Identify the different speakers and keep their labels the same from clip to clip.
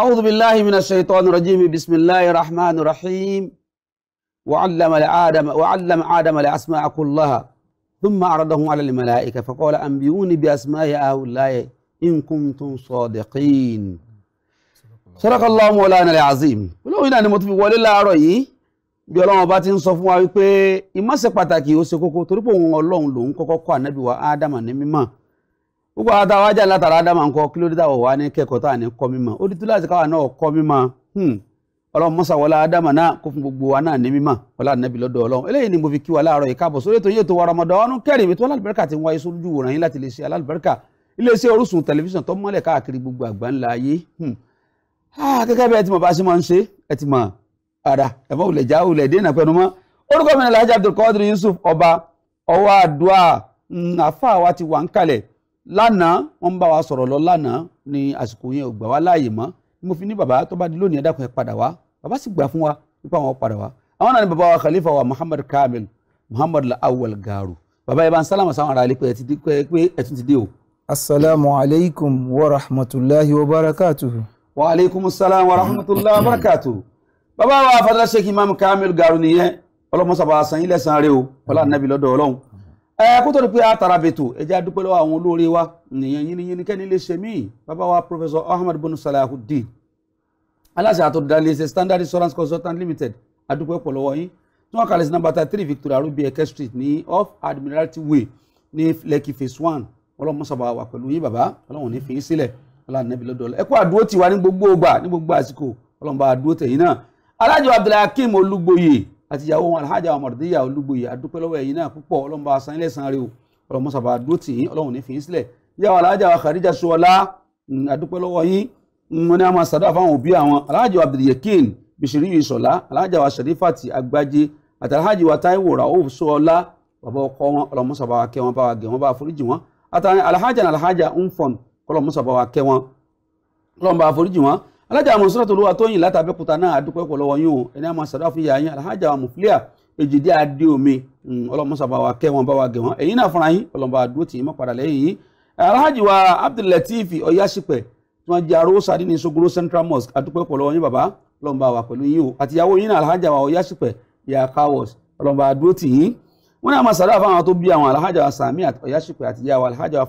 Speaker 1: أعوذ بالله من الشيطان الرجيم بسم الله الرحمن الرحيم وعلم آدم وعلم آدم الأسماء كلها ثم عرضهم على الملائكة فقال أنبئوني بأسماء هؤلاء إن كنتم صادقين صدق الله مولانا العظيم ولو إن ni mo ti fi wọlé باتين صفوا bí إما bá وسكوكو ń sọ لون كوكو wípé وآدم pàtàkì ó gbogbo àwọn táwọn ajá látara ádámà ń kọ kí ló dé táwọn wà ní kẹ́kọ̀ọ́ táwọn ní kọ́ mímọ̀ ó di tú láti káwọn náà kọ́ mímọ̀ hmm. ọlọ́run mọ́sàwọlá ádámà náà kó fún gbogbo wa náà ní mímọ̀ ọlá nàbí lọ́dọ̀ ọlọ́run eléyìí ni mo fi kí wa láàárọ̀ yìí káàbọ̀ sórí ètò yìí ètò wa Ramadan Kareem ètò alálùbáríkà ti ń wáyé sójú wòran yín láti lè ṣe alálùbáríkà iléeṣẹ́ Orísun tẹlifíṣàn tó mọ́lẹ̀ káàkiri gbogbo àgbáńlá ayé hmm. ah, gẹ́gẹ́ bí ẹ ti bá ṣe máa ń ṣe ẹ ti mọ̀ ara ẹ̀fọ́ òlẹ̀ já òlẹ̀ dènà pẹ̀lú mọ́ orúkọ mi ni Alhaji Abdulkadir Yusuf ọba ọwọ́ àdúrà hmm, àfáà wa ti wà ń kalẹ̀ lánàá wọ́n bá wa sọ̀rọ̀ lọ lánàá ní àsìkò yẹn ò gbà wá láàyè mọ́ ni mo fi ní bàbá tó bá di lónìí ẹ dákun ẹ padà wá bàbá sì gbà fún wa nípa àwọn padà wá àwọn náà ni bàbá wa khalifa wa muhammad kamil muhammad awal garu bàbá yẹn bá ń sálàmù sáwọn ará ilé pé ẹ ti dé o.
Speaker 2: asalaamu alaykum wa rahmatulahi wa barakatuhu.
Speaker 1: wa aleykum salaam wa rahmatulahi wa barakatuhu. bàbá wa fadala sheikh kamil garu nìyẹn ọlọmọ sábà san ilẹ̀ san re o ọlá nàbí lọ́dọ̀ ọlọ́run ẹ kó tó di pé àtàràbètò ẹ jẹ́ adúpẹ́ lọ́wọ́ àwọn olóore wa nìyẹn yínníyínní kẹ́ni lè ṣe míì bàbá wa Professor Ahmed Bono Salahuddin aláṣẹ àtọ̀dálẹ́sẹ̀ Standard Insurance Consultant Limited adúpẹ́ pọ̀ lọ́wọ́ yín tí wọ́n kàlẹ́ sí nàmbà thirty three Victoria rubi eke street ní off Admiralty Way ní Lekki phase one ọlọ́mọ sábà wà pẹ̀lú yín bàbá ọlọ́run ní fi yín sílẹ̀ ọlọ́run nẹ́bí lọ́dọ̀ ẹ kú àdúró tiwa ní gbogbo ògbà ní gbogbo àsìkò ọlọ́run bá àdúró tẹ̀yìn náà alájọ Abdulhakeem Olúgbòye àti ìyàwó wọn alhaja ọmọdéyà olúgbòye adúpẹ́ lọ́wọ́ ẹ̀yin náà púpọ̀ ọlọ́run bá san ilé san rè o ọlọ́run mọ́ sábà dúró tì yín ọlọ́run ní fi yín sílẹ̀ ìyàwó alhaja kàdíjà sọlá adúpẹ́ lọ́wọ́ yín wọn ni a máa sàdá fáwọn òbí àwọn alhaja abdulyakin bishiri isola alhaja wa sharifati agbaje àti alhaji wa taiwo raouf sọlá bàbá ọkọ wọn ọlọ́run mọ́ sábà kẹ́ wọn bá wa gẹ̀ wọn bá foríjì wọn àtàwọn alhaja alhaja ń fọn ọlọ́run mọ́ kẹ́ wọn ọlọ́run bá foríjì wọn alájà mọ̀sọ́rọ̀ tó lówà tóyìn látàbẹ́kúta náà àdúpẹ́ pọ̀ lọ́wọ́ yín o ẹni àmọ́ sàdá fún yàyín alhaja muflia èjìdí adé omi hmm, ọlọ́mọsà bá wa kẹ́ wọn bá wa gẹ̀ wọn ẹ̀yin náà fúnra yín ọlọ́mọba àdúró tì í mọ́ padà lẹ́yìn yìí alhaji wa abdulateef ọ̀yáṣípẹ̀ tí wọ́n jẹ́ arósà ní Sogoro Central Mosque àdúpẹ́ pọ̀ lọ́wọ́ yín bàbá ọlọ́mọba wa pẹ̀lú yín o àtìyàwó yín náà alhaja wa ọ̀yáṣípẹ̀ yà káwọ̀s ọlọ́mọba àdúró tì yín wọ́n náà máa sàdá fún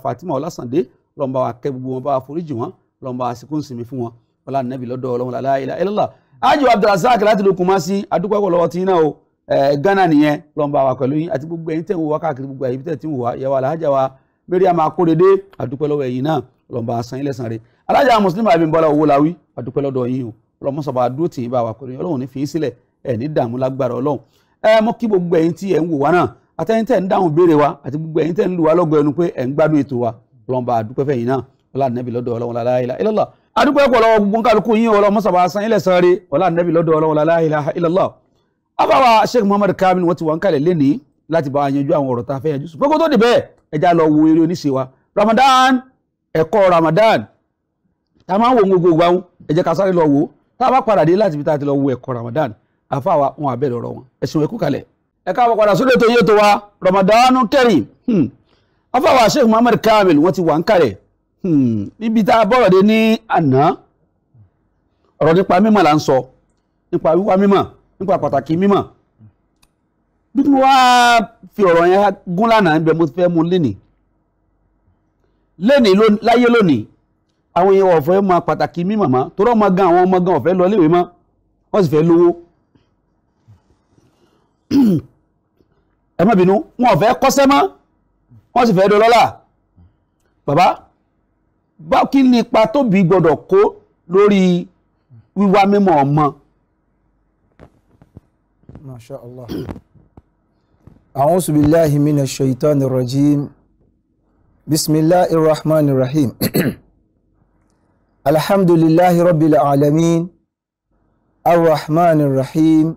Speaker 1: Fatima Ọlásàndé ọlọ́mọba wa kẹ́ gbogbo wọn bá ọlá nàbì lọ́dọ̀ ọlọ́run lálá ilà ilàlá ájú abdulrasaq láti lókun má sí adúpẹ́pọ̀ lọ́wọ́ tí náà o ghana nìyẹn lọ́nba wa pẹ̀lú yín àti gbogbo ẹ̀yin tẹ̀ ń wá gbogbo àyè tẹ̀ tí ń wá yẹwà alájà wa mariam akóredé adúpẹ́ lọ́wọ́ ẹ̀yin náà lọ́nba asan ilẹ̀ sàn rẹ alájà muslim abimbola owó lawi adúpẹ́ lọ́dọ̀ yín o ọlọ́mọsọ̀bà dúró tì í bá wa pẹ̀lú yín ọlọ́run ní fi í sílẹ̀ ẹ̀ ní dààmú lágbára ọlọ́run ẹ mọ́ kí gbogbo ẹ̀yin tí ẹ̀ ń wò la ilaha illallah adúpẹ́ pọ̀ lọ́wọ́ gbogbo kálukú yín ọlọ́ mọ́sàbà san ilẹ̀ sanre ọlá nẹ́bí lọ́dọ̀ ọlọ́wọ́ la ilaha illallah sheikh muhammad kamil wọ́n ti wà ń kalẹ̀ lẹ́nìí láti bá yanjú àwọn ọ̀rọ̀ tá a fẹ́ yanjú ṣùgbọ́n kó dìbẹ́ ẹja lọ wo eré oníṣe ramadan ẹ̀kọ́ ramadan tá a máa ń wo gbogbo ìgbà wọn ẹ jẹ́ ká sáré lọ wo tá a bá padà dé láti ibi tá a ti lọ wo ẹ̀kọ́ ramadan afáwa wọn àbẹ̀rẹ̀ wa hmm. sheikh muhammad kamil wọ́n níbi hmm, tá a bọ̀rọ̀ dé ní àná ọ̀rọ̀ nípa mímọ̀ là ń sọ nípa wíwá mímọ̀ nípa pàtàkì mímọ̀ bí mo wá fi ọ̀rọ̀ yẹn gún lánàá níbẹ̀ mo fẹ́ mu lénìí lénìí láyé lónìí àwọn èèyàn ọ̀fẹ́ mọ pàtàkì mímọ̀ mọ́ gan ọmọ gan ọ̀fẹ́ lọ mọ́ wọ́n sì fẹ́ lówó bínú wọn ọ̀fẹ́ bàbá bá kí ni ipa tóbi gbọ́dọ̀ kó lórí wíwá mímọ́ ọmọ.
Speaker 2: masha allah a'udhu billahi minash shaitani rajim bismillahi rahmani rahim alhamdulillahi rabbil alamin arrahmani rahim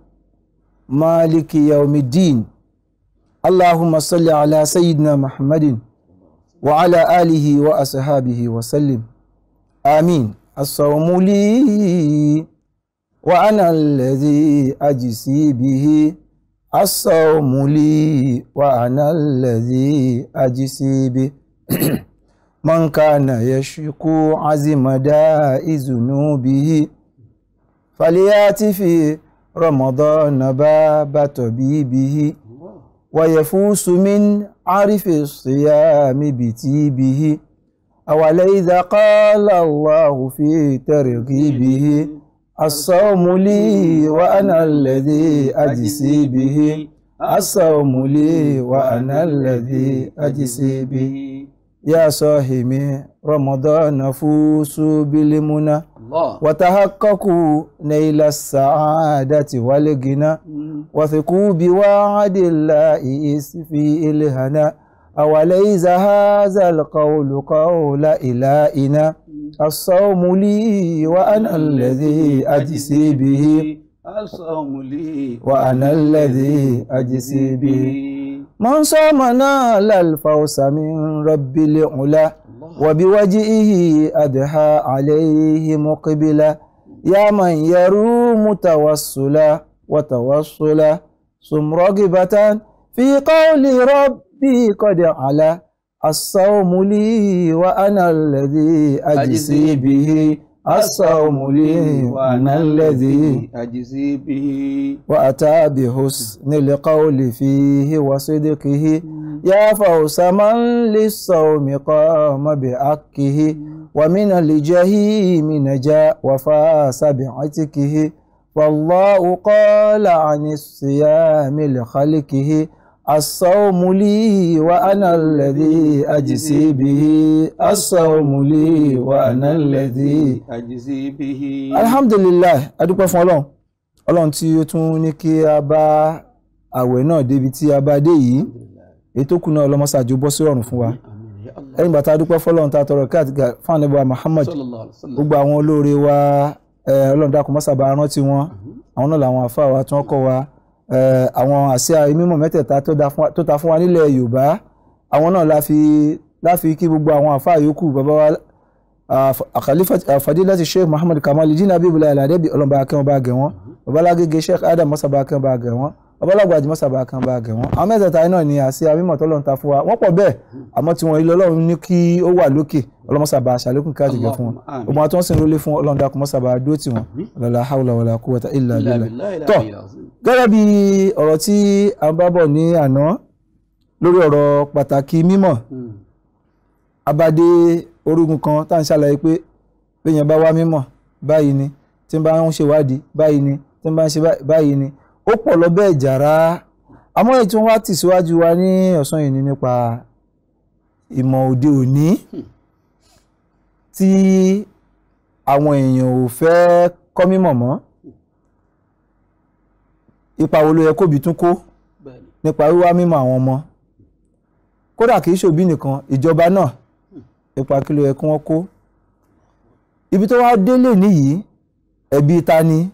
Speaker 2: maliki yawmiddin allahumma salli ala sayyidina muhammadin. وعلى آله وأصحابه وسلم آمين الصوم لي وأنا الذي أجسي به الصوم لي وأنا الذي أجسي به من كان يشكو عزم داء ذنوبه فليأتي في رمضان باب طبيبه ويفوس من عرف الصيام بتيبه أولي إذا قال الله في ترغيبه الصوم لي وأنا الذي أجسي به الصوم لي وأنا الذي أجسي به يا صاحبي رمضان فوس بالمنى وتحققوا نيل السعادة والغنى وثقوا بوعد الله في الهنا أوليس هذا القول قول إلهنا الصوم لي وأنا الذي أجسي به
Speaker 1: الصوم لي
Speaker 2: وأنا الذي أجسي به من صام نال الفوز من رب العلا وبوجهه أدهى عليه مقبلا يا من يروم توسلا وتوصلا ثم رغبة في قول ربي قد علا الصوم لي وأنا الذي أجزي به الصوم لي وأنا الذي
Speaker 1: أجزي به
Speaker 2: وأتى بحسن القول فيه وصدقه يا فوس من للصوم قام بحقه ومن الجحيم نجا وفاس بعتقه والله قال عن الصيام لخلقه الصوم لي وأنا الذي أجزي به الصوم لي وأنا الذي
Speaker 1: أجزي به
Speaker 2: الحمد لله adúpẹ́ fún ọlọ́run ọlọ́run tí ó tún ní kí a bá àwẹ̀ náà débi tí a bá dé yìí ètò kù náà ọlọ́mọṣáájú bọ́ sí ọ̀run fún wa ẹ̀yìn bàtà adúpẹ́ fọlọ́run tá a tọrọ káàtì fún àníbà Muhammad gbogbo àwọn olóore wa ọlọ́run dákun mọ́sàbà rántí wọn àwọn náà làwọn àfa wa tí wọ́n kọ́ wa àwọn àsíá mímọ̀ mẹ́tẹ̀ẹ̀ta tó ta fún wa nílẹ̀ yorùbá àwọn náà la fi fi kí gbogbo àwọn àfáà yòókù bàbá wa àfàdílẹ́tì sheikh muhammad kamal jinabi ibùdó àlàdé ọlọ́mọba akẹ́wọ̀n bá gẹ̀ wọ́n babalágége sheikh adam mọ́sàbá akẹ́wọ̀n bá gẹ̀ wọ́n ọbọ̀lọ́gbà jùmọ̀ sábà kan bá gẹ̀ wọ́n àwọn mẹ́tẹ̀ẹ̀ta iná ni àṣẹ àmìmọ̀ tọ́lọ́run ta fún wa wọ́n pọ̀ bẹ́ẹ̀ àmọ́ tí wọ́n ilé ọlọ́run ní kí ó wà lókè ọlọ́mọsàbà àṣàlékún káàdì gẹ̀ fún wọn ọmọ àti wọn sì ń rólé fún ọlọ́run dákun mọ́sàbà dúró tì wọ́n lọ́la haúlà wàlà kú wọ́ta ìlà lílà tọ́ gẹ́gẹ́ bí ọ̀rọ̀ tí a ń bá bọ̀ ní àná lórí ọ̀rọ̀ pàtàkì mímọ̀ hmm. abadé orígun kan tá à ṣàlàyé pé bẹ́yẹn bá wá mímọ̀ báyìí ni tí ń bá ń ṣèwádìí báyìí ni tí ń bá ń ṣe báyìí ni ó pọ̀ lọ bẹ́ẹ̀ jàrá àmọ́ ètò wa tẹ̀síwájú wa ní ọ̀sán yìí nípa ìmọ̀ òde òní hmm. tí àwọn èèyàn ò fẹ́ kọ́ mímọ̀ mọ́ ipa wo ló yẹ kóbi tún kó nípa wíwá mímọ̀ àwọn ọmọ kódà kì ṣòbí nìkan ìjọba náà hmm. ipa kí ló yẹ kí wọ́n kó ibi tó wá délé nìyí ẹ̀bi ta ni. Hmm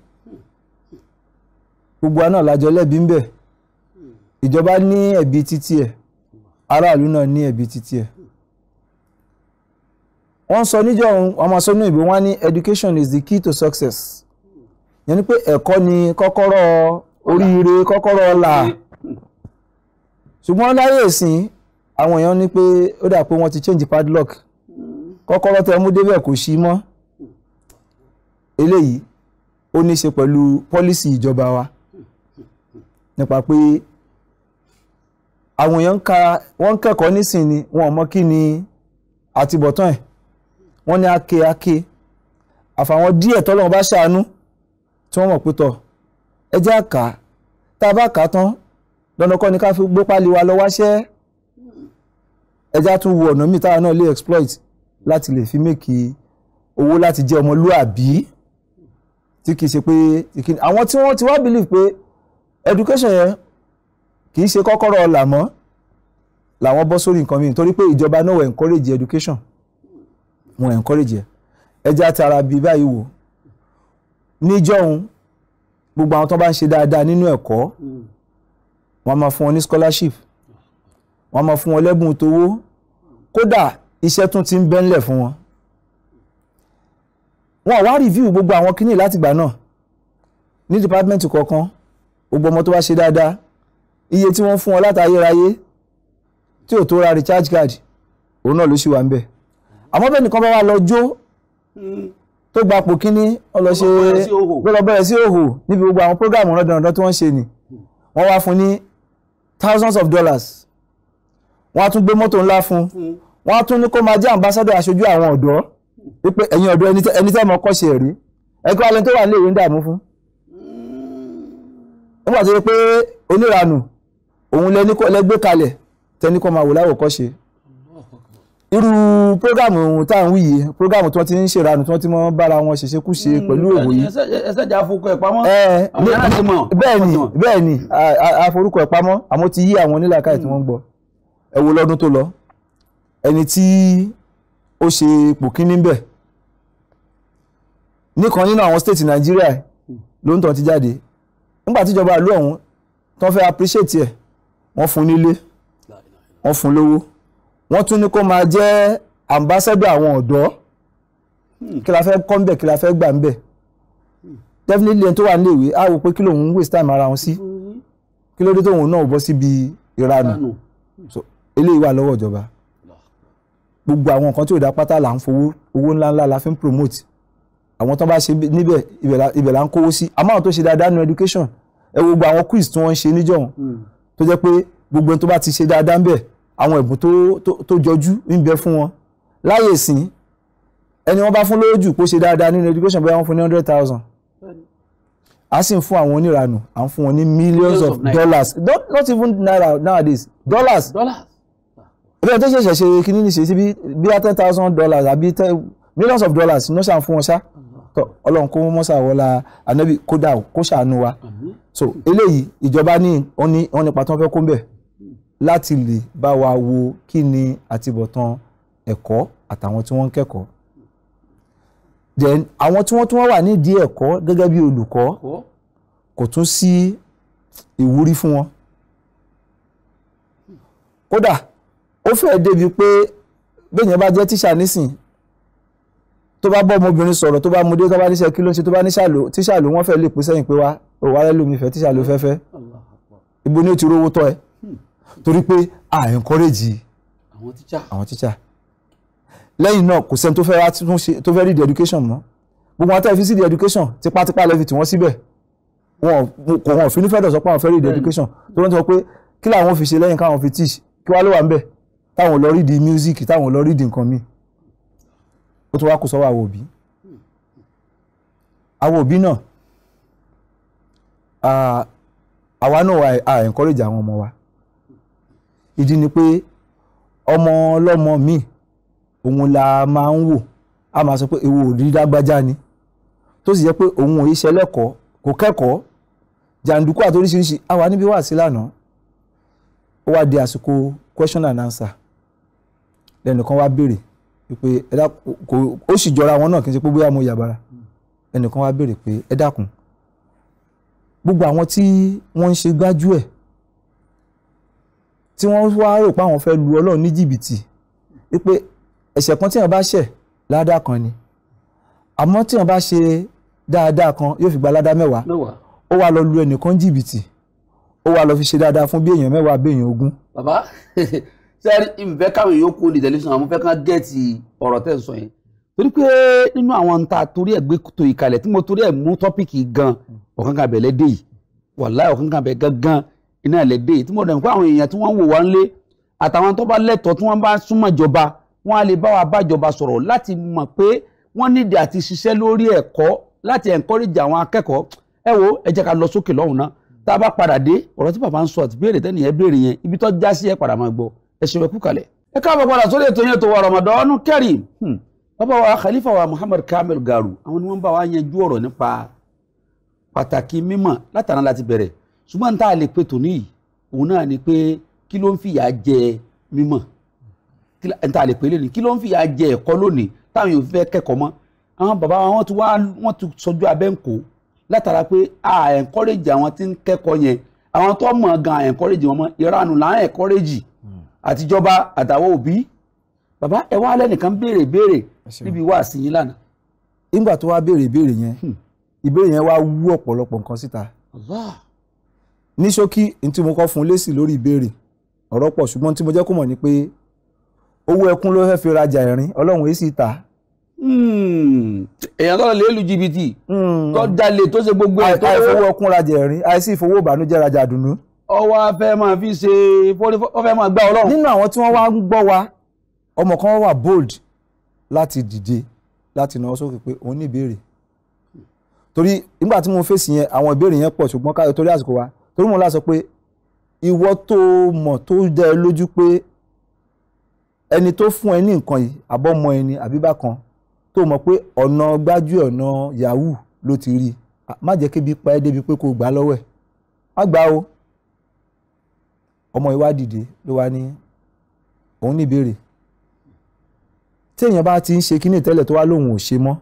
Speaker 2: gbogbo àná làjọ lẹ́bi ń bẹ̀ ìjọba ní ẹ̀bi títí ẹ̀ aráàlú náà ní ẹ̀bi títí ẹ̀ wọ́n sọ níjọ́ ọmọ ìbò wọn ní education is the key to success yẹn ni pé ẹ̀kọ́ ni kọ́kọ́rọ́ oríire kọ́kọ́rọ́ ọlà ṣùgbọ́n láyé ìsìn àwọn èèyàn ní pé ó dà pé wọ́n ti change padlock kọ́kọ́rọ́ tẹ mú débẹ̀ kò ṣí mọ́ eléyìí ó ní í ṣe pẹ̀lú pọ́lísì ìjọba wa nípa pé àwọn èèyàn ń ka wọ́n ń kẹ́kọ̀ọ́ nísìnyí wọn ò mọ kí ni àtibọ̀tán ẹ̀ wọ́n ní ake ake àfàwọn díẹ̀ tọ́lọ́run bá ṣàánú tí wọ́n mọ̀ pé tọ̀ ẹ jẹ́ àká tá a bá kà á tán dandan kọ́ ni ká fi gbé pálí wa lọ wáṣẹ́ ẹja tún ọ̀nà míì táwa náà lè exploit láti lè fi mèkì owó láti jẹ́ ọmọlúàbí tí kì í ṣe pé àwọn tí wọ́n ti wá believe pé education yẹn kì í ṣe kọ́kọ́rọ́ ọ̀la mọ́ làwọn bọ́ sórí nǹkan mìíràn torí pé ìjọba náà wọ̀ encourage education wọn encourage ẹ ẹjẹ́ àtàrà bíi báyìí wò níjọ́hun gbogbo àwọn tó bá ń ṣe dáadáa nínú ẹ̀kọ́ wọn máa fún wọn ní scholarship wọn máa fún wọn lẹ́bùn tówó kódà iṣẹ́ tún ti ń bẹ́ńlẹ̀ fún wọn wọn wá review gbogbo àwọn kíní látìgbà náà ní department kọ̀ọ̀kan gbogbo ọmọ tó bá ṣe dáadáa iye tí wọ́n fún ọ látayérayé tí ò tó ra recharge card òun náà ló sì wà ń bẹ̀ àmọ́ bẹ́ẹ̀ nìkan bá wà lọ jó tó gba àpò kínní ọlọ́ṣẹ́ lọ́lọ́ bẹ̀rẹ̀ sí òhò níbi gbogbo àwọn prógrámù rọ́dọ̀rọ̀dọ̀ tí wọ́n ṣe nì wọ́n wá fún ní thousands of dollars wọ́n á tún gbé mọ́tò ńlá fún wọ́n á tún ní kó máa jẹ́ ambassador aṣojú àwọn ọ̀dọ́ wípé ẹ̀yin ọ̀dọ́ ẹni tẹ́ mọ́ kọ́ṣẹ́ rí ẹ̀kọ́ alẹ́ tó wà nílé ìwé ń dààmú fún nígbà tó yẹ pé oníranù òun lẹ gbé kalẹ̀ tẹni kọ́ máa wò láwòkọ́ṣe irú prógámù tá à ń wí yìí prógámù tí wọ́n ti ń ṣèranù tí wọ́n ti mọ́ bára wọn ṣẹ̀ṣẹ̀ kú ṣe hmm. pẹ̀lú òwò yìí.
Speaker 1: ẹsẹ̀ jà forúkọ ẹ̀
Speaker 2: pamọ́ àwọn yàrá ti mọ̀. bẹ́ẹ̀ni bẹ́ẹ̀ni àforúkọ ẹ̀ pamọ́ àmọ́ ti yí àwọn onílàkàyè tí wọ́n ń gbọ́ ẹ wo lọ́dún tó lọ ẹni tí ó ṣe ipò kíní ń bẹ̀ nìkan nínú àwọn stéètì nàìjíríà ló ń tàn ti jáde nígbà tíjọba ìlú ọ̀hún tó fẹ́ appreciate ẹ̀ wọ́n fún nílé wọ́n fún lówó wọ́n tún ní kó máa jẹ́ ambassador àwọn ọ̀dọ́ hmm. kí la fẹ́ kọ́ ń bẹ̀ kí la fẹ́ gbà ń bẹ̀ definitely ẹni tó wà níléèwé á wò pé kí lòun ń waste time ara wọn sí kí ló dé tóun náà bọ́ síbi ìranù so eléyìí wà lọ́wọ́ ìjọba gbogbo àwọn nǹkan tí ò dá pátá là ń fowó owó ńláńlá la fi ń promote àwọn tó bá ṣe níbẹ̀ ibẹ̀ là ń kówó sí àmọ́ àwọn tó ṣe dáadáa nínú education ẹ wo gbogbo àwọn quiz tí wọ́n ń ṣe níjọ̀hún hmm. tó jẹ́ pé gbogbo ẹni tó bá ti ṣe dáadáa ń bẹ̀ àwọn ẹ̀bùn tó jọjú ń bẹ fún wọn láyè sìn ẹni wọ́n bá fún lówó jù kó ṣe dáadáa nínú education bóyá wọ́n fún ní hundred thousand a sì ń fún àwọn oníranù à ń fún wọn ní millions of dollars not, not even naira nowadays dollars ẹgbẹ́ tó ṣẹ̀ṣẹ̀ ṣe kíní ní ṣe sí bí ten thousand dollars àbí millions of dollars ní wọ́n ṣàn wọn ṣá tọ Ọlọ́run kó mọsà wọlá anabi kódà kó ṣàánú wa so eléyìí ìjọba ní wọn ní wọn nípa tí wọn fẹ́ kó ń bẹ láti lè bá wa wo kí ni àtibọ̀tán ẹ̀kọ́ àtàwọn tí wọ́n ń kẹ́kọ̀ọ́ then àwọn tí wọ́n tún wà nídìí ẹ̀kọ́ gẹ́gẹ́ bí olùkọ́ kò tún sí ìwúrí fún wọn kódà ó fẹ́ẹ́ débi pé bẹ́ẹ̀ yẹn bá jẹ́ tíṣà nísìn tó bá bọ́ ọmọbìnrin sọ̀rọ̀ tó bá mu dé tó bá níṣẹ́ kí ló ń ṣe tó bá níṣàlò tíṣàlò wọ́n fẹ́ lè pín sẹ́yìn pé wá òwà rẹ lómi fẹ́ tíṣàlò fẹ́fẹ́ ibo ni ó ti rówó tọ́ ẹ torí pé à encourage àwọn tíṣà lẹ́yìn náà kò sẹ́ni tó fẹ́ wá tó fẹ́ read education mọ́ gbogbo àwọn tẹ́lifí sí di education tipátipá lẹ́fi tí wọ́n síbẹ̀ wọn kò wọn fi nífẹ̀ẹ́ dọ̀sọ́ pé àwọn fẹ́ read education tó ló ń sọ pé kí làwọn fi ṣe lẹ́yìn káwọn fi teach kí wá ló wà ń bẹ̀ táwọn lọ read ó tún wá kó sọ́wọ́ àwọn òbí àwọn òbí náà àwa náà à encourage àwọn ọmọ wa ìdí ni pé ọmọ ọlọ́mọ míì òun la máa ń wò a máa sọ pé èwo ò dágbájá ni tó sì jẹ́ pé òun ò ṣe lẹ́kọ̀ọ́ kò kẹ́kọ̀ọ́ jàǹdùkú àti oríṣiríṣi àwa níbi wà sí lánàá ó wá di àsìkò question and answer lẹ́nìkan wá béèrè pé ẹ dákun kò ó sì jọra wọn náà kì í ṣe pé bóyá mo yàbára ẹnìkan wá béèrè pé ẹ dákun gbogbo àwọn tí wọ́n ń ṣe gbájú ẹ̀ tí wọ́n wá rò pé àwọn fẹ́ lu ọlọ́run ní jìbìtì wípé ẹ̀ṣẹ̀ kan tíyàn bá ṣẹ̀ ládàá kan ni àmọ́ tíyàn bá ṣe dáadáa kan yóò fi gba ládàá mẹ́wàá ó wá lọ lu ẹnìkan jìbìtì ó wá lọ fi ṣe dáadáa
Speaker 1: fún bí èèyàn mẹ́wàá bí èèyàn ogún. bàbá sẹ́rí ìfẹ́ káwọn èèyàn kó lè tẹ̀lé sùn àwọn fẹ́ kán gẹ̀ẹ́tì ọ̀rọ̀ tẹ̀ sọ yẹn torí pé nínú àwọn ń ta torí ẹ̀ gbé tó ìkàlẹ̀ tí mo torí ẹ̀ mú tọ́pìkì gan ọ̀kan kan bẹ̀ lẹ́dẹ̀ yìí wàláì ọ̀kan kan bẹ̀ gangan iná lẹ́dẹ̀ yìí tí mo dẹ̀ pé àwọn èèyàn tí wọ́n wò wá ńlé àtàwọn tó bá lẹ́tọ̀ọ́ tí wọ́n bá súnmọ́ ìjọba wọ́n á lè bá wa bá ìjọba sọ̀rọ̀ láti mọ̀ pé wọ́n nídìí àti ṣiṣẹ́ lórí ẹ̀kọ́ láti encourage àwọn akẹ́kọ̀ọ́ ẹ wo ẹ jẹ́ ká lọ sókè lọ́hùn náà tá a bá padà dé ọ̀rọ̀ tí bàbá ń sọ àti béèrè tẹ́nìyẹn béèrè yẹn ibi tó já sí ẹ padà máa gbọ́ ẹ̀sìn ẹ̀kú kalẹ̀. ẹ káàbọ̀ padà sórí ètò yẹn tó wà Ramadan Kareem hmm. bàbá wa Khalifa wa Muhammad Kamil Garu àwọn ni wọ́n bá wa yanjú ọ̀rọ̀ nípa pàtàkì mímọ̀ látara láti bẹ̀rẹ̀ ṣùgbọ́n tá a lè pe tòní yìí òun náà ni pé kí ló ń fìyà jẹ mímọ̀ tá a lè pe lónìí kí ló ń fìyà jẹ ẹ̀kọ́ lónìí táwọn yóò fẹ́ kẹ́kọ̀ọ́ mọ́ àwọn bàbá wa wọ́n ti wá wọ́n ti sọjú abẹ́ ń kó látara pé a encourage àwọn tí ń kẹ́kọ̀ọ́ yẹn àwọn tó mọ̀ gan encourage wọn mọ́ ìranù là ń encourage àtijọba àtàwọn òbí bàbá ẹ wá lẹ́nìkan béèrè béèrè níbi wá sí yín lánàá. nígbà tó wá béèrè ìbéèrè yẹn hmm.
Speaker 2: ìbéèrè yẹn wá wú ọ̀pọ̀lọpọ̀ nǹkan síta. ní ṣókí ní tí mo kọ́ fún lésì lórí ìbéèrè ọ̀rọ̀ pọ̀ ṣùgbọ́n tí mo jẹ́ kó mọ̀ ni pé owó ẹkún ló fẹ́ẹ́ fi rajà ẹ̀rín ọlọ́run èsì ta. Hmm.
Speaker 1: èèyàn tó lọ lè lu jìbìtì hmm.
Speaker 2: tó jalè tó ṣe gbogbo ẹ̀ tó. àìfowó ẹkún rajà ọwọ́ afẹ́ máa fi ṣe ọfẹ́ máa gbá ọlọ́run. nínú àwọn tí wọ́n wá ń gbọ́ wa ọmọ kan wà bold láti dìde láti náwó sókè pé òun ní ìbéèrè torí nígbà tí mo fèsì yẹn àwọn ìbéèrè yẹn pọ̀ ṣùgbọ́n káyọ̀ torí àsìkò wa torí mo lá sọ pé ìwọ tó mọ̀ tó dá ẹ lójú pé ẹni tó fún ẹ ní nǹkan yìí àbọ̀mọ ẹni àbí bákan tó mọ̀ pé ọ̀nà gbájú ọ̀nà yahoo ló ti rí má jẹ́ kébi pa ẹ́ débi pé kò gbà lọ́wọ́ ẹ̀ má gbà o ọmọ ìwà dìde ló wá ní òun ní tí èèyàn bá ti ń ṣe kíní tẹ́lẹ̀ tó wá lóun ò ṣe mọ́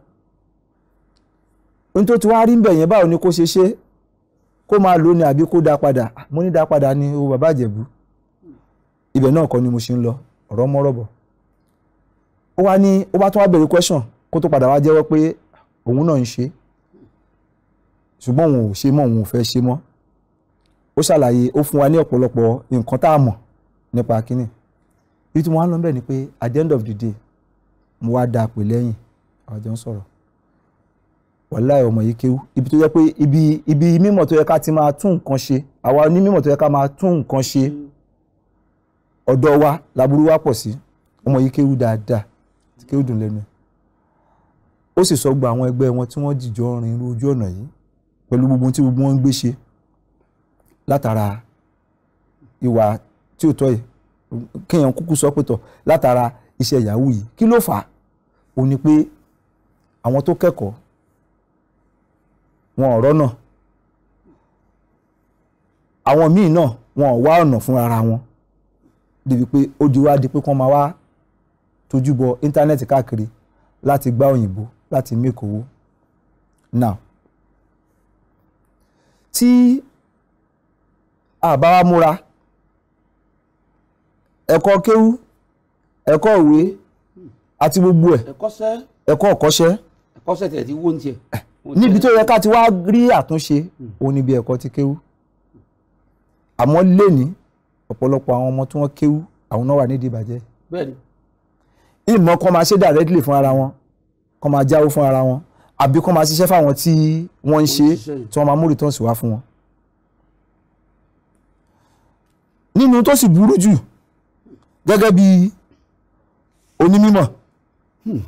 Speaker 2: ohun tó ti wá rí ń bẹ̀ yẹn báwo ni kó ṣe ṣe kó máa lò ní àbí kó dá padà mo ní dá padà ní owó bàbá àjẹ̀bú ibẹ̀ náà kọ́ ni mo ṣe ń lọ ọ̀rọ̀ mọ́rọ̀bọ̀ ó wá ní ó bá tún wá bẹ̀rẹ̀ question kó tó padà wá jẹ́wọ́ pé òun náà ń ṣe ṣùgbọ́n òun ò ṣe mọ́ òun ò fẹ́ ṣe mọ́ ó ṣàlàyé ó fún wa ní ọ̀pọ̀lọpọ̀ nǹkan tá a mọ̀ nípa kínní bí tí mo wá lọ bẹ́ẹ̀ ni pé at the end of the day mo wá da àpè lẹ́yìn àwọn jọ ń sọ̀rọ̀ wàláì ọmọ yìí kéwú ibi tó yẹ pé ibi ibi mímọ̀ tó yẹ ká ti máa tún nǹkan ṣe àwa ní mímọ̀ tó yẹ ká máa tún nǹkan ṣe ọ̀dọ̀ wa laburú wa pọ̀ sí ọmọ yìí kéwú dáadáa kéwú dùn lẹ́nu ó sì sọ gba àwọn ẹgbẹ́ wọn tí wọ́n dìjọ rìn irú ọ̀nà yìí pẹ̀lú gbogbo tí gbogbo wọn ń gbé ṣe látara ìwà tí ò tọ́ yìí kéèyàn kúkú sọ pé tọ̀ látara iṣẹ́ yahoo yìí kí ló fà á ò ní pé àwọn tó kẹ́kọ̀ọ́ wọn ọ̀rọ̀ náà àwọn míì náà wọn ò wá ọ̀nà fún ara wọn débi pé ó di wá di pé kán máa wá tójú bọ íńtánẹ́ẹ̀tì káàkiri láti gbá òyìnbó láti mẹ́kọ̀ọ́ now tí àbá wa múra ẹ̀kọ́ kéwú ẹ̀kọ́ òwe àti gbogbo ẹ̀
Speaker 1: ẹ̀kọ́ ọ̀kọ́ṣẹ́ ẹ̀kọ́ṣẹ́ tẹ̀ ti wó ní tiẹ̀. níbi tó
Speaker 2: yẹ ká ti wá rí àtúnṣe hmm. òun níbi ẹ̀kọ́ ti kéwú àmọ́ lẹ́ni ọ̀pọ̀lọpọ̀ àwọn ọmọ tí wọ́n kéwú àwọn náà wà nídìí ìbàjẹ́. bẹ́ẹ̀ni. ìmọ̀ kan máa ṣe directly fún ara wọn kan máa jáwó fún ara wọn àbí kan máa ṣiṣẹ́ fáwọn tí wọ́n ń ṣe tí wọ́n máa mú returns wá fún wọn. nínú tó sì burú jù gẹ́gẹ́ bí onímọ̀ hmm.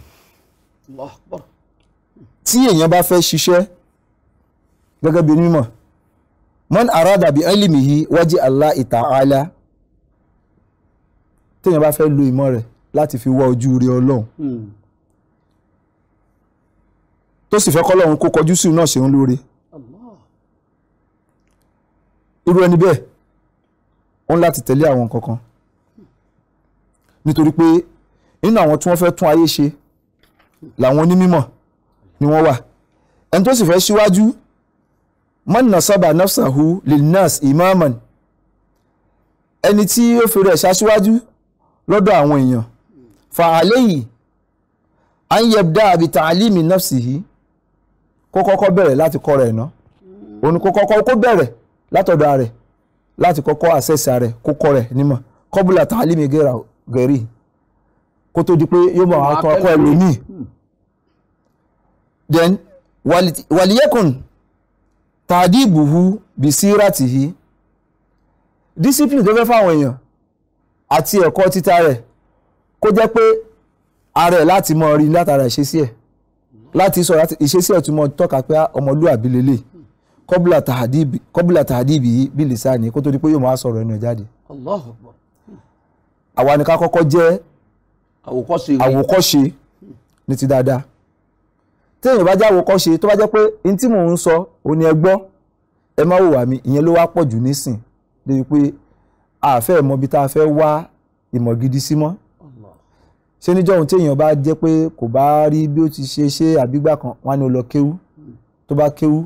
Speaker 2: tí èèyàn bá fẹ́ ṣiṣẹ́ gẹ́gẹ́ bí onímọ̀ man arada bi ilmihi waji Allah ta'ala téèyàn bá fẹ́ lo ìmọ̀ rẹ̀ láti fi wá ojú rere ọlọ́run hmm. tó sì fẹ́ kọ́lọ́run kó kọjú sí náà ṣeun lóore irú ẹni bẹ́ẹ̀ ó ń láti tẹ̀lé àwọn nǹkan kan nítorí pé nínú àwọn tí wọ́n fẹ́ tún ayé ṣe làwọn onímọ̀ ni wọ́n wà ẹni tó sì fẹ́ síwájú mọ́nà sábà nafsahu lilnas imaman ẹni tí ó fi rẹ̀ ṣaṣíwájú lọ́dọ̀ àwọn èèyàn fa alayhi an yabda bi ta'limi nafsihi kó kọ́kọ́ bẹ̀rẹ̀ láti kọ́ rẹ̀ ná òun kó kọ́kọ́ kó bẹ̀rẹ̀ látọ̀dọ̀ rẹ̀ láti kọ́kọ́ àṣẹ̀ṣà rẹ̀ kó kọ́ rẹ̀ nímọ̀ kọ́bùlà tàlímì gẹ̀rí kó tó di pé yóò mọ̀ àwọn kan kọ́ ẹlòmíì then wàlíyẹ́kùn tàdíbùhù bí sírátìhì discipline tó fẹ́ fáwọn èèyàn àti ẹ̀kọ́ títa rẹ̀ kó jẹ́ pé ààrẹ láti mọ rí látara ìṣesí ẹ̀ láti sọ ìṣesí ẹ̀ tún mọ tọ́ka pé ah, ọmọlúwàbí lélẹ̀ kọ́bùlà tàhádìbì kọ́bùlà tàhádìbì yìí bí lìsáàní kó tó di pé yóò máa sọ̀rọ̀ ẹnu ẹ̀ jáde. àwa ni ká kọ́kọ́ jẹ́ àwòkọ́ṣe ní ti dáadáa téèyàn bá jẹ́ àwòkọ́ṣe tó bá jẹ́ pé n tí mò ń sọ òní ẹ gbọ́ ẹ má wò wá mi ìyẹn ló wá pọ̀ jù nísìn débi pé àfẹ́ ìmọ̀bi tá a fẹ́ wá ìmọ̀ gidi sí mọ́ ṣé níjọ́ ohun téèyàn bá jẹ́ pé kò bá rí bí ó ti ṣe ṣe àbígbà kan wọn á ó lọ kéwú hmm. tó bá kéwú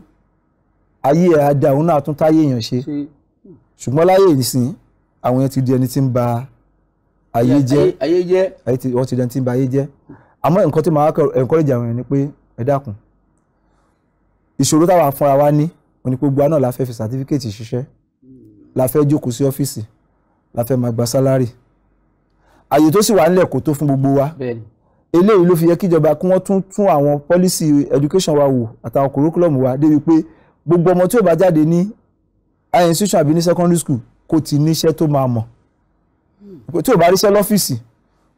Speaker 2: ayé ẹ̀ ada òun náà tún táyé èèyàn ṣe ṣùgbọ́n láyé ìsìn àwọn yẹn ti di ẹni tí ń ba ayé jẹ́ ayé jẹ́ wọ́n ti di ẹni tí ń ba ayé jẹ́ àmọ́ nǹkan tí màá encourage àwọn èèyàn ni pé ẹ dákun ìṣòro táwa fúnra wa ní òní pé gbogbo àná la fi certificate ṣiṣẹ́ la fẹ́ jókòó sí ọ́fíìsì la fẹ́ máa gba sálárì àyè tó sì wà nílẹ̀ kò tó fún gbogbo wa eléyìí ló fi yẹ kíjọba kí wọ́n tún tún àwọn pọ́lísì education wa wò àtàwọn curriculum wa débi pé gbogbo ọmọ tí ò bá jáde ní high institution àbí ní secondary school kó ti níṣẹ́ tó máa mọ̀ tí ò bá ríṣẹ́ lọ́fíìsì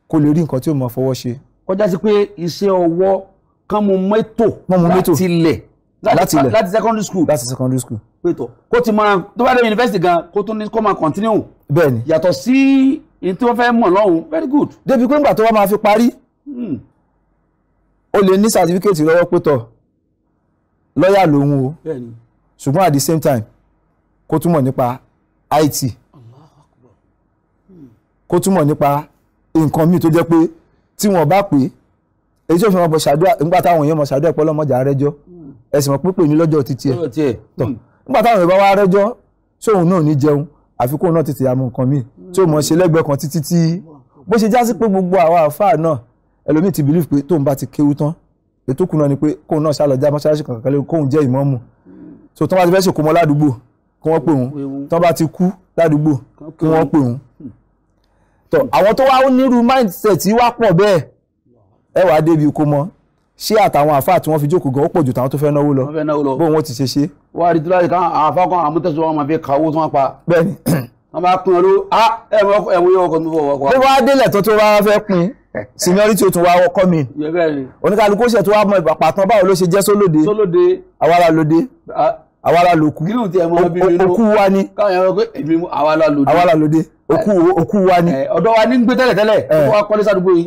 Speaker 2: kó lè rí nǹkan tí ò máa fọwọ́ ṣe.
Speaker 1: kọjá sí pé iṣẹ́ ọwọ́ kán mu mẹ́tò láti ilẹ̀ láti ilẹ̀ láti secondary school láti secondary school. pétọ kó ti máa tó bá dé yunifásitì gan kó tún ní kó máa continue. bẹ́ẹ̀ni yàtọ̀ sí èyí tí wọ́n fẹ́ mọ̀ lọ́hùn very good. débi pé ńgbà tó wá máa fi parí hmm. o lè ní certificate lọ́wọ́ pétọ̀ lọ́ọ̀yà
Speaker 2: lòun o ṣùgbọ́n at the same time kó túmọ̀ nípa IT kó túmọ̀ nípa nǹkan míì tó jẹ́ pé tí wọ́n bá pè é èyí tí ó fi mọ̀ ṣàdúrà nígbà táwọn èèyàn mọ̀ ṣàdúrà pé ọlọ́mọjà rẹ́jọ́ ẹ̀sìn mọ̀ pípé ní lọ́jọ́ ti tiẹ̀ tọ̀ nígbà táwọn èèyàn bá wá rẹ́jọ́ sóun náà ní jẹun àfikún náà tètè àmọ́ nǹkan míì tí ó mọ̀ ṣe lẹ́gbẹ̀ẹ́ kan títí tí bó ṣe já sí pé gbogbo àwa àfáà náà ẹlòmíì ti believe pé tóun bá ti kéwú tán ètò kùnà ni pé kóun náà ṣàlọ já mọ́ṣáláṣí kankan lé kóun jẹ́ ìmáàmù so tó bá ti fẹ́ ṣe kómọ ládùúgbò kí wọ́n pè wọ́n tó bá ti kú ládùúgbò kí wọ́n pè wọ́n. Hmm. tó àwọn tó wá nírú mindset yìí wá pọ̀ bẹ́ẹ̀
Speaker 1: ẹ wàá débi kómọ ṣé àtàwọn àáfàá tí wọ́n fi jókòó gan ó pọ̀ jù táwọn tó fẹ́ náwó lọ bó wọn ti ṣe ṣe. wọ́n á rí tíláàdì kan àáfàá kan àmútẹ́sọ̀ máa fi kàwó tí wọ́n pa. bẹ́ẹ̀ni. wọ́n bá pín ọ ló ah ẹ̀wọ̀n yóò kọ́ ní fọwọ́ kọ́. bí wọ́n á délẹ̀ tó tó wá fẹ́ pín seniority
Speaker 2: o tún wá ọkọ mi oníkàlùkù ṣe tó wá mọ ìpàpà tán báwo ló ṣe jẹ́ sólòdé àwárà
Speaker 1: lòdé àwárà lòkú òkú wa ni àwárà lòdé òkú wa ni. ọ̀dọ́ wa ní ń gbé tẹ́lẹ̀ tẹ́lẹ̀ wọ́n á kọ́lé sádùúgbò yìí.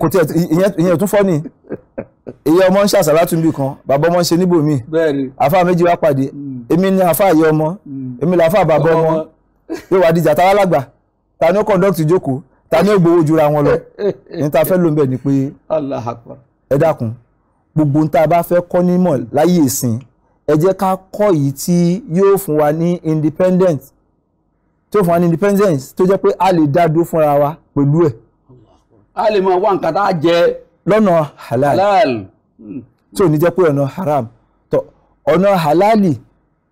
Speaker 2: kò tẹ ìyẹn tún fọ́ ni èyí ọmọ ń ṣàṣà látúnbí kan bàbá ọmọ ń ṣe níbòmíì àfa méjì wá pàdé hmm. èmi ni àfa àyè ọmọ hmm. èmi làfa bàbá ọmọ yóò wá dìjà tá a lágbà ta ni ó kọ̀ńdọ́kì jókòó ta ni ó gbowó jura wọn lọ ní ta fẹ́ ló ń bẹ̀ ni pé ẹ dákun gbogbo ní ta bá fẹ́ kọ́ nímọ̀ láyé ìsìn ẹ jẹ́ ká kọ́ yìí tí yóò fún wa ní independence tó fún wa ní independence tó jẹ́ pé a lè dá dúró fúnra wa pẹ̀lú ẹ̀. a lè máa wá nǹkan tá a jẹ. lọ́nà halal tí ò ní jẹ́ pé ọ̀nà haram tó ọ̀nà halali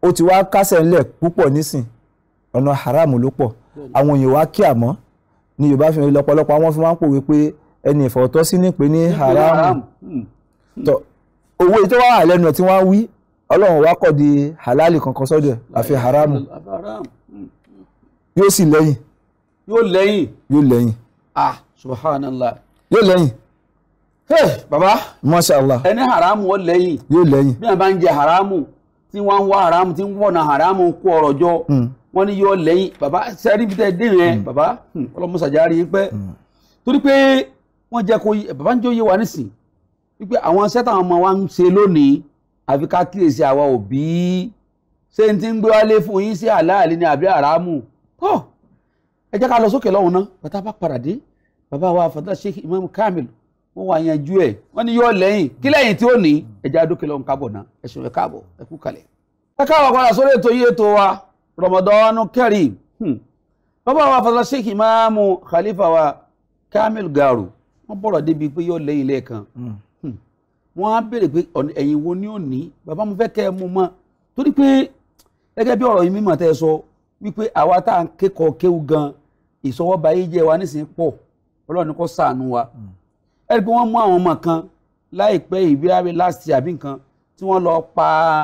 Speaker 2: ó ti wá kásẹ̀ ńlẹ̀ púpọ̀ nísìn ọ̀nà haram ló pọ̀ àwọn èèyàn wá kí àmọ́ ni yorùbá fi hàn lọ́pọ̀lọpọ̀ àwọn fi máa ń pòwe pé ẹni ìfọ̀tọ́ sí ní pé ní haram hmm. hmm. tọ owó tó wà lẹ́nu ẹ̀ tí wọ́n wí ọlọ́run wá kọ̀ di halali kankan sọ́dọ̀ àfi haramu.
Speaker 1: Hmm. yóò sì lẹ́yìn. yóò lẹ́yìn. yóò lẹ́yìn. ah subhanallah. yóò lẹ́yìn. hey baba. masha allah. ẹni haramu ó lẹ́yìn. yóò lẹ́yìn. bí wọ́n bá ń jẹ haramu tí wọ́n ń wá haramu tí ń wọ̀nà haramu kó ọ̀rọ̀ jọ. Mm. wọ́n ní yọ lẹ́yìn bàbá sẹ́rí bí tẹ́ dé yẹn hmm. bàbá hmm, ọlọ́mọsàjárí pẹ́ hmm. torí pé wọ́n jẹ́ kó bàbá ń jó yé wa nísìn wípé àwọn iṣẹ́ táwọn ọmọ wa ń ṣe lónìí àfi ká kíyèsí àwa òbí ṣé n ti ń gbé wálé fún yín sí àláàlí ni àbí àràmù tó ẹ jẹ́ ká lọ sókè lọ́hùn náà bàtà bá padà dé bàbá wa fàdúrà Sheikh Imam Kamil wọ́n wá yanjú ẹ̀ wọ́n ní yọ lẹ́yìn kí lẹ́yìn tí ó ní ẹ jẹ́ adókè lọ́hùn kábọ̀ náà ẹ ṣeun ẹ káàbọ̀ ẹ kú kalẹ̀. ẹ káàbọ̀ padà sórí ètò yìí ètò wa Ramadan Kareem hmm. bàbá wa fàtàlá sheikh imaamu khalifa wa Kamil Garu wọ́n bọ̀rọ̀ débi pé yóò lẹ́yìn lẹ́ẹ̀kan hmm. hmm. wọ́n á béèrè pé ẹ̀yìn wo ni ó ní bàbá mo fẹ́ kẹ́ ẹ mú mọ́ torí pé gẹ́gẹ́ bí ọ̀rọ̀ yìí mímọ̀ tẹ́ ẹ sọ wípé àwa tá à ń kékọ̀ọ́ kéwú gan ìsọwọ́ba yìí jẹ́ wa nísìnyí pọ̀ ọlọ́run ni kò ṣàánú wa ẹ̀rí pé wọ́n mú àwọn ọmọ kan láìpẹ́ ìbí last year àbí nǹkan tí wọ́n lọ pa á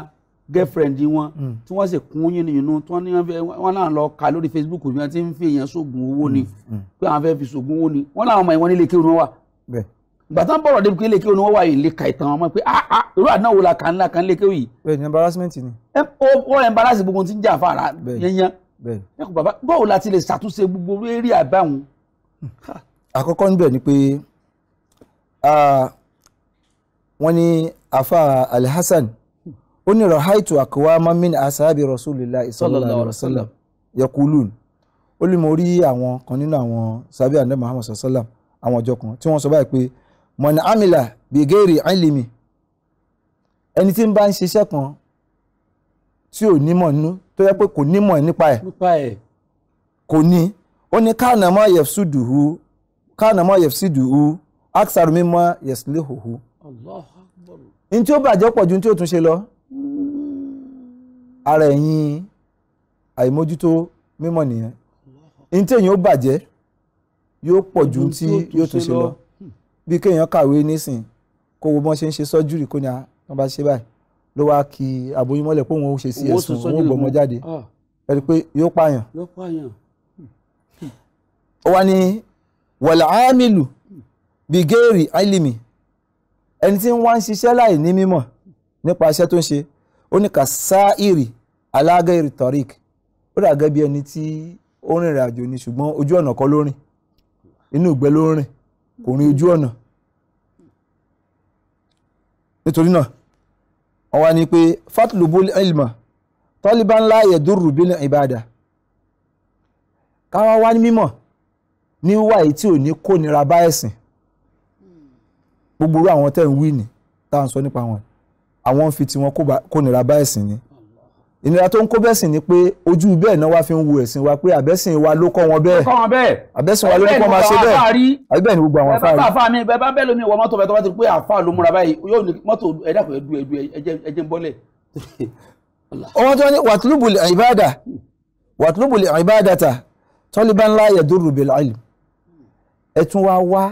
Speaker 1: girlfriend mm. wọn mm. tí wọ́n sì kún yín nínú tí wọ́n ní wọ́n náà lọ kà lórí Facebook bí wọ́n ti ń fi èèyàn sóògùn owó ni mm. pé àwọn fẹ́ fi sóògùn owó ni wọ́n láwọn ọmọ ìwọ́n nílé kéwọn wà ìgbà tán bọ̀rọ̀ débi pé ilé kéwọn wà yìí lè ka ìtàn wọn pé ah ah irú àdánwò wo la kà ńlá kan lé kéwọn yìí. bẹ́ẹ̀ni embarrassment ni. ó embarrass gbogbo tí ń jà fara yẹnyẹn ẹkùn bàbá bọ́ọ̀ la ti lè ṣàtúnṣe gbogbo eré àbáwọn.
Speaker 2: àkọ́kọ́ níbẹ̀ ni pé ah, wọ́n ní afa Alhassan ó ní rahaitu akwama min asabi rasulillah sallallahu alaihi wasallam yakulun ó lè mọ rí àwọn kan nínú àwọn sábẹ́ àná muhammad sallam àwọn ọjọ́ kan tí wọ́n sọ báyìí pé mọ̀nà amila bigeri ilimi ẹni tí ń bá ń ṣiṣẹ́ kan tí ò nímọ̀ nínú tó yẹ pé kò nímọ̀ nípa ẹ̀ kò ní ó ní káànàmọ́ yẹ̀fṣùdùhù káànàmọ́ yẹ̀fṣùdùhù aksarumimọ́ yẹ̀sùlẹ̀hùhù ní tí ó bàjẹ́ pọ̀ ju ní ó tún ṣe lọ ara ẹ̀yin àìmójútó mímọ́ nìyẹn ní tí èèyàn ó bàjẹ́ yóò pọ̀ ju tí yóò tún ṣe lọ bí kéèyàn kàwé nísìn kó wo bọ́n ṣe ń ṣe sọ́júrì kó ní ah, wọ́n bá ṣe báyìí ló wá kí aboyún mọ́lẹ̀ pé òun ó ṣe sí ẹ̀sùn òun ó gbọ́mọ jáde ah. ẹ pé yóò pààyàn ó wá ní wọ̀lẹ̀ ámìlù bíi géèrì àìlìmì ẹni tí ń ń ṣiṣẹ́ láì ní mímọ̀ nípa iṣẹ́ tó ń ṣe ó ní kà sáà ìrì alágẹ̀rì tariq ó dà gẹ́gẹ́ bí ẹni tí ó rìn ìrìn àjò ni ṣùgbọ́n ojú ọ̀nà kọ́ ló rìn inú ìgbẹ́ ló rìn kò rìn ojú ọ̀nà nítorí náà wọ́n wá ní pé fatlubul ilma taliban la yadurru bil ibada káwá wá ní mímọ̀ ní wíwá èyí tí ò ní kó nira bá ẹ̀sìn gbogbo àwọn tẹ̀ ń wí ni tá à ń sọ nípa wọn àwọn ń fi tiwọn kó nira bá ẹ̀sìn ni ìnira tó ń kó bẹ́sìn ni pé ojú bẹ́ẹ̀ náà wá fi ń wo ẹ̀sìn wa pé àbẹ́sìn wa ló kọ́ wọn bẹ́ẹ̀ àbẹ́sìn wa ló kọ́ máa ṣe bẹ́ẹ̀ àbẹ́bẹ̀ ni gbogbo àwọn afárí. bẹ́ẹ̀ bá
Speaker 1: mi bẹ́ẹ̀ bá bẹ́ẹ̀ lómi wọ mọ́tò bẹ́ẹ̀ tó bá ti pé àfa ló múra báyìí yóò ní mọ́tò ẹ̀dá kò ẹ̀dú ẹ̀dú ẹ̀jẹ̀ bọ́lẹ̀.
Speaker 2: ọwọ́n tó ní wàtúlùbùlì ìbáàdà wàtúlùbùlì ta tọ́líbá ńlá yẹ̀dúrù bil ilm ẹ tún wá wá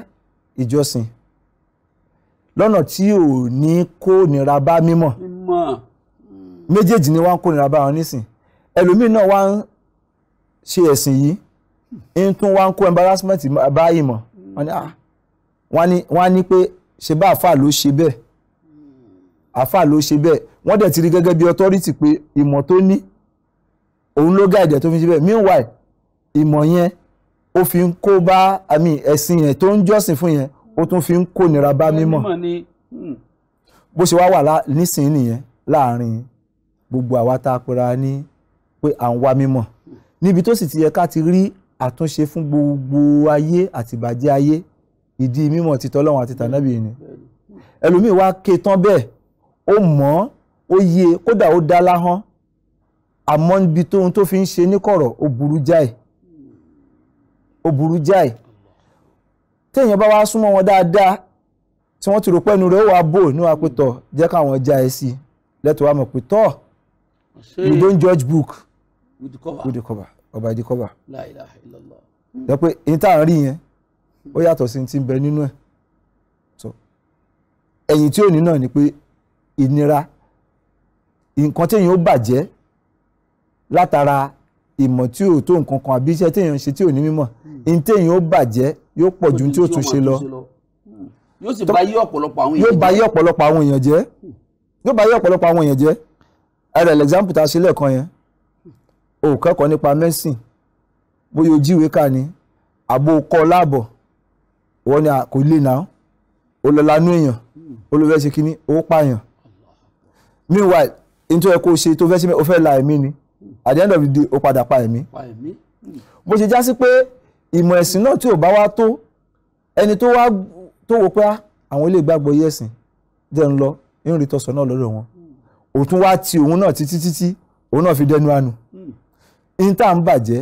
Speaker 2: ìjọsìn nira bá mímọ̀ méjèèjì ni wá ń kórìíra bára nísìn ẹlòmíín náà wá ń ṣe ẹ̀sìn yìí ń tún wá ń kó embarrassment bá ìmọ̀ wọ́n á ní pé ṣe bá àfà ló ṣe bẹ́ẹ̀ àfà ló ṣe bẹ́ẹ̀ wọ́n dẹ̀ ti rí gẹ́gẹ́ bí authority pé ìmọ̀ tó ní òun ló gá ìdẹ̀ tó fi ṣe bẹ́ẹ̀ meanwhile ìmọ̀ yẹn ó fi ń kó bá àmì ẹ̀sìn yẹn tó ń jọ́sìn fún yẹn ó tún fi ń kó nira bá mímọ̀ hmm. bó ṣe wá wà nísìnyí nìyẹn láàrin gbogbo àwa tá a pera ní pé à ń wá mímọ̀ níbi tó sì ti yẹ ká ti rí àtúnṣe fún gbogbo ayé àtìbàjẹ́ ayé ìdí mímọ̀ ti tọ́lọ́run àti tànábì ni ẹlòmíì wá ké tán bẹ́ẹ̀ ó mọ̀ ó yé e, kódà ó dá láhán àmọ́ níbi tóun tó fi ń ṣe níkọ̀rọ̀ ó burú jáì ó burú jáì téèyàn bá wá súnmọ́ wọn dáadáa tí wọ́n ti rò pẹ́nu rẹ̀ ó wàá bò níwàá pé tọ̀ jẹ́ káwọn já ẹ sí lẹ́tọ̀ọ́ àmọ̀ pé tọ́ọ̀ we don't judge book with the cover with the cover or by the cover.
Speaker 1: La ilaha illallah. jẹ́ pé
Speaker 2: èyí tá à rí yẹn ó yàtọ̀ sí ti bẹ nínú ẹ̀ so ẹ̀yìn tí ò ní náà ni pé ìnira nǹkan téèyàn ó bàjẹ́ látara ìmọ̀ tí ò tó nǹkan kan àbí iṣẹ́ téèyàn ń ṣe tí ò ní mímọ̀ ní téèyàn ó bàjẹ́ yóò pọ̀ ju tí ó tún ṣe lọ yóò sì bá yí ọ̀pọ̀lọpọ̀ àwọn èèyàn jẹ́ yóò bá yí ọ̀pọ̀lọpọ̀ àwọn èèyàn jẹ́ ẹ̀rẹ̀ l'example tá a ṣe lẹ́ẹ̀kan yẹn o kẹ́kọ̀ọ́ nípa mẹ́sìn bóyá o jíwèé kà ní àbò kọ́ láàbọ̀ wọ́n ní kò lè nà ó lọ lanú èèyàn ó lọ fẹ́ ṣe kínní ó pààyàn meanwhile nítorí ẹ kó ṣe tó fẹ́ sí o fẹ́ la ẹ̀mí ni at the end of the day o padà pa ẹ̀mí bó ṣe já sí pé ìmọ̀ ẹ̀sìn náà tí ò bá wá tó ẹni tó wá tó wò pé ah, àwọn ilé ìgbàgbọ́ yẹ̀sìn jẹ́ ń lọ ń rí tọ̀sán náà lọ́dọ̀ wọn ó tún wá ti òun náà títí títí òun náà fi dẹnu àánú hmm. n tá ń bàjẹ́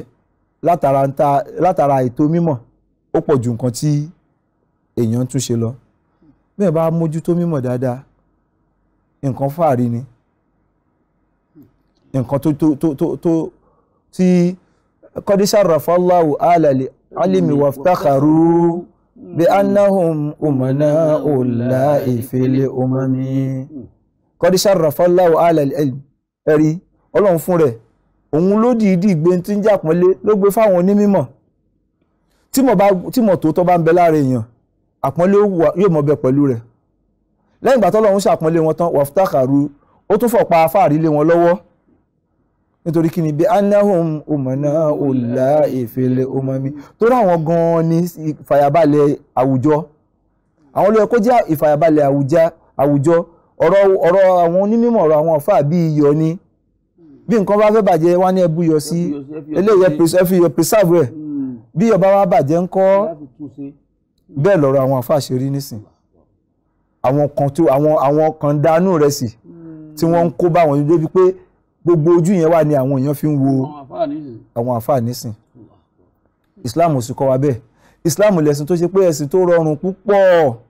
Speaker 2: látara n tá látara ètò mímọ̀ ó pọ̀ ju nǹkan tí èèyàn ń tún ṣe lọ bẹ́ẹ̀ bá mójútó mímọ̀ dáadáa nǹkan fàárí ni nǹkan tó tó tó tó tó tí kọ́dísà rafallahu alali alimi waftakharu bi annahum umana ula ifele umami. Mm kọ́díṣà rafáláwò alẹ́lẹ́lì ẹ̀rí ọlọ́run fún rẹ̀ òun ló dìídì gbé tí ń jàpọ́nlé ló gbé fáwọn onímọ̀ tí mọ̀ tó tọ́ bá ń bẹ lára èèyàn àpọ́nlé yóò mọ̀ bẹ pẹ̀lú rẹ̀ lẹ́yìn ìgbà tọ́lọ́run ṣàpọ́nlé wọn tán wàfútàkàrú ó tún fọ̀pa afáàrí lé wọn lọ́wọ́ nítorí kí ni bí anahum umana ọ̀la ìfẹ́lẹ́ omami tó ráwọn gan-an ní ìfàyàbalẹ̀ àwùjọ àwọn olóyè kó jẹ́ ìfàyàbalẹ̀ àwùjọ ọ̀rọ̀ ọ̀rọ̀ àwọn onímọ̀ ọ̀rọ̀ àwọn ọ̀fà bí iyọ̀ ni bí nǹkan bá fẹ́ bàjẹ́ wá ní ẹbú yọ sí eléyẹ fi yọ preserve rẹ̀ hmm. bí iyọ̀ bá wá bàjẹ́ ńkọ́ bẹ́ẹ̀ lọ́rọ̀ àwọn ọ̀fà ṣe rí nísìn àwọn kan tó àwọn àwọn kan dánú rẹ̀ sí hmm. tí wọ́n ń kó bá wọn débi pé gbogbo ojú yẹn wà ní àwọn èèyàn fi ń wo àwọn àfà nísìn Islam ò sì kọ́ wa bẹ́ẹ̀ Islam lẹ̀sìn tó ṣe pé ẹ̀sìn tó rọrùn púpọ̀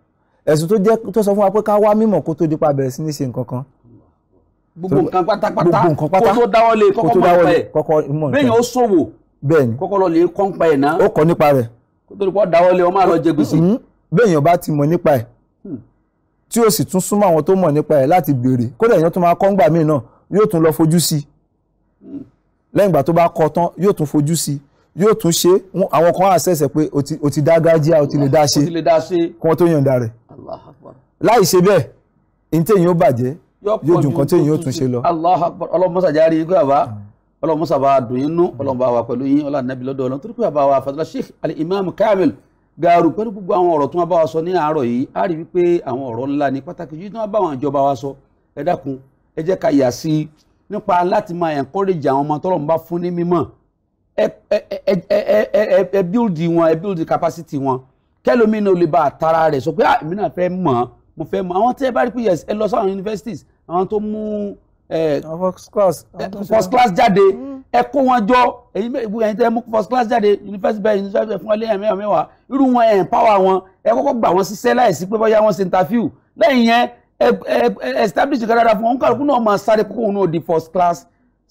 Speaker 2: ẹ̀sùn tó jẹ́ tó sọ fún wa pé ká wá mímọ̀ kó tó dípa bẹ̀rẹ̀ sí ní ṣe nǹkan kan. gbogbo nǹkan pátápátá kó tó dáwọ́ lé kọ́kọ́ mọ̀ nípa ẹ̀ bẹ́ẹ̀
Speaker 1: yẹn ó ṣòwò kọ́kọ́ lọ lè kọ́ nípa ẹ̀ náà. ó kọ́ nípa rẹ̀. kó tó dípa dáwọ́ lé ó máa lọ jẹ gbèsè. Mm-hmm. bẹ́ẹ̀ yẹn bá ti mọ̀
Speaker 2: nípa ẹ̀ hmm. tí ó sì tún súnmọ́ àwọn tó mọ̀ nípa ẹ̀ láti béèrè kódà èèyàn tó máa kọ́ ńgbà míì náà yóò tún lọ fojú sí i hmm. lẹ́yìn ìgbà tó bá kọ́ tán yóò tún fojú ṣe àwọn kan á ṣẹ̀ṣẹ̀ pé o ti dá gájíà o ti lè dá ṣe kí wọ́n tó yànda rẹ̀ láì ṣe bẹ́ẹ̀ ní téèyàn ó bàjẹ́ yóò ju nǹkan téèyàn ó tún ṣe
Speaker 1: lọ. ọlọ́mọ́sà járe ikú àbá ọlọ́mọ́sà bá dùn yín nú ọlọ́mọ́sà bá pẹ̀lú yín ọlọ́nàbí lọ́dọ̀ ọlọ́run torí pé àbá wa fatala sheikh al-imam kamil gaaru pẹ̀lú gbogbo àwọn ọ̀rọ̀ tí wọ́n bá wa sọ ní àárọ̀ yìí á rí wípé àwọn ọ̀rọ̀ ńlá ni pàtàkì yìí tí wọ́n bá àwọn ìjọba wa sọ ẹ dákun ẹ jẹ́ ká yà sí i nípa láti máa encourage àwọn ọmọ tọ́lọ́run bá fún ní mímọ̀ ẹ ẹ ẹ ẹ ẹ build wọn ẹ build capacity wọn kẹlòmíì náà lè ba àtàrà rẹ̀ sọ pé ah, èmi náà fẹ́ mọ̀ mo fẹ́ mọ̀ àwọn tẹ́ ẹ bá rí pé yes ẹ lọ sáwọn universities àwọn tó mú first class first class jáde hmm. ẹ kó wọn jọ èyí ẹ̀yin tẹ́ mú first class jáde university bẹ́ẹ̀ university fún ọlẹ́yìn mẹ́wàá mẹ́wàá irú wọn ẹ̀ empower wọn ẹ kọ́kọ́ gbà wọ́n síṣẹ́ láìsí pé bóyá wọ́n ṣe interview lẹ́yìn yẹn establish kan dáadáa fún wọn kálukú náà máa sáré kókó òun náà di first class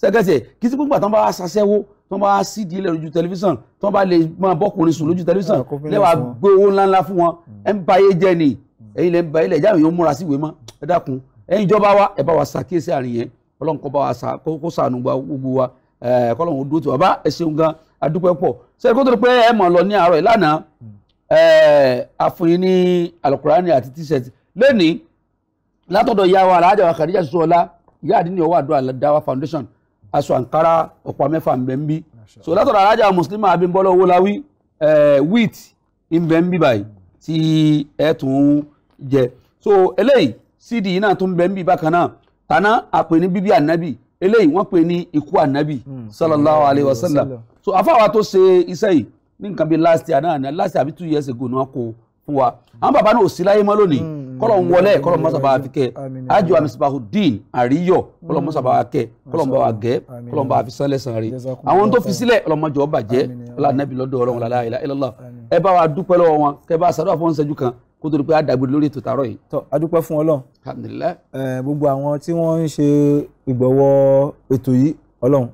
Speaker 1: sẹ́kẹ̀sẹ̀ kí sí pé gbàtàn bá wá ṣaṣẹ́wó tó bá sídìí ilẹ̀ lójú tẹlifíṣàn tó bá lè máa bọ́kùnrin sùn lójú tẹlifíṣàn lẹ́wà gbé owó ńláńlá fún wọn mm. ẹ̀ ń ba ayé jẹ́ ni mm. ẹ̀yin lẹ́ ń ba ilẹ̀ jáwé yóò múra sí ìwé mọ́ ẹ dákun ẹ̀yin ìjọba wa ẹ bá wa ṣàkíyèsí àárín yẹn ọlọ́run kó bá wa ṣà kó ṣàánú gbogbo wa kọ́lọ́run ó dúró tì wá bá ẹ ṣeun gan adúpẹ́ pọ̀ sẹ́yìn kó tó pé ẹ mọ̀ lọ ní àárọ̀ ìlànàá àfòyín mm. ní alukurani àti t-shirt lónìí látọ̀dọ̀ ìyá wa alájà wa kàdíjà sọ́ọ́lá ìyá àdínní ọwọ́ àdúrà dáwà foundation aṣọ àǹkárá ọ̀pá mẹ́fà ń bẹ ń bí so látọ̀dọ̀ alájà mùsùlùmí abímbọ́lá owólawí wheat ń bẹ ń bí báyìí tí ẹ tún jẹ so eléyìí cd náà tún bẹ ń bí bákan náà tàná àpè ní bíbí ànábì eléyìí wọ́n pè ní ikú ànábì hmm, sallallahu alayhi wa sallam so afáwa tó ṣe iṣẹ́ yìí ní nǹkan bíi last year náà last year àbí two years ago ni wọ́n kó fún wa àwọn bàbá náà ò sí láyé mọ́ lónìí hmm kọ́lọ̀ ń wọlé kọ́lọ̀ mọ́sàbá àfikẹ́ àjọ àmísìbáhùdín àríyọ̀ kọ́lọ̀ mọ́sàbá àkẹ́ kọ́lọ̀ bá wa gẹ́ kọ́lọ̀ bá wa fi sánlẹ̀ sàn rí àwọn tó fi sílẹ̀ ọlọ́mọjọ́ bàjẹ́ ọlànàbí lọ́dọ̀ ọlọ́run lálá ilá ilọ́lá ẹ bá wa dúpẹ́ lọ́wọ́ wọn kẹ bá sàdúrà fún ìṣẹ́jú kan kó tó di pé àdàgbé lórí ètò tààrọ̀ yìí. tọ́ a fún ọlọ́run
Speaker 2: gbogbo àwọn tí wọ́n ń ṣe ìgbọ̀wọ́ ètò yìí ọlọ́run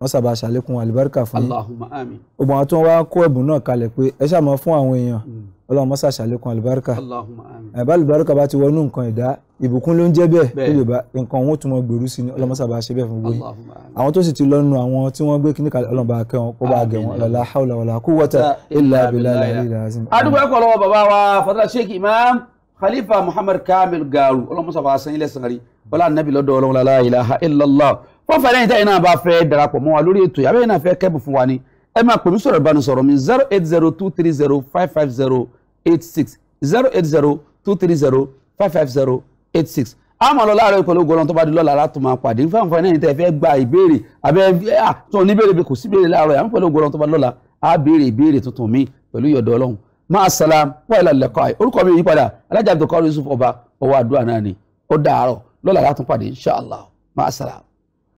Speaker 2: wọ́n sábà ṣàlékún àlùbáríkà fún yín Allahumma àmín gbogbo àwọn tó ń wá kó ẹ̀bùn náà kalẹ̀ pé ẹ ṣàmọ́ fún àwọn èèyàn hmm. Ọlọ́run mọ́sá ṣàlékún àlùbáríkà Allahumma àmín àbá àlùbáríkà bá ti wọnú nǹkan ẹ̀dá ìbùkún ló ń jẹ́ bẹ́ẹ̀ ló lè bá nǹkan òun tún mọ gbèrú sí ni Ọlọ́run mọ́sá bá ṣe bẹ́ẹ̀ fún gbogbo yín àwọn tó sì ti lọ́nu àwọn tí wọ́n gbé kíní kalẹ̀ Ọlọ́run bá kẹ́ wọn kó bá gẹ̀ wọn la hawla wala quwwata
Speaker 1: illa fọ́fà lẹ́yìn tẹ́yìn náà bá fẹ́ darapọ̀ mọ́ wa lórí ètò yàrá yìí náà fẹ́ kẹ́bù fún wa ni ẹ máa pè mí sọ̀rọ̀ ìbánisọ̀rọ̀ mi zero eight zero two three zero five five zero eight six zero eight zero two three zero five five zero eight six àmọ́ lọ láàárọ̀ ìpẹ̀lú ogun tó bá di lọ́la látò máa pàdé fáwọn ẹni tẹ́ fẹ́ gba ìbéèrè abẹ́ tó ní béèrè bí kò sí béèrè láàárọ̀ àmọ́ pẹ̀lú ogun tó bá lọ́la á béèrè ìbéèrè tuntun mi pẹ̀lú ìyọ̀dọ̀ ọlọ́run máa salam wọ́n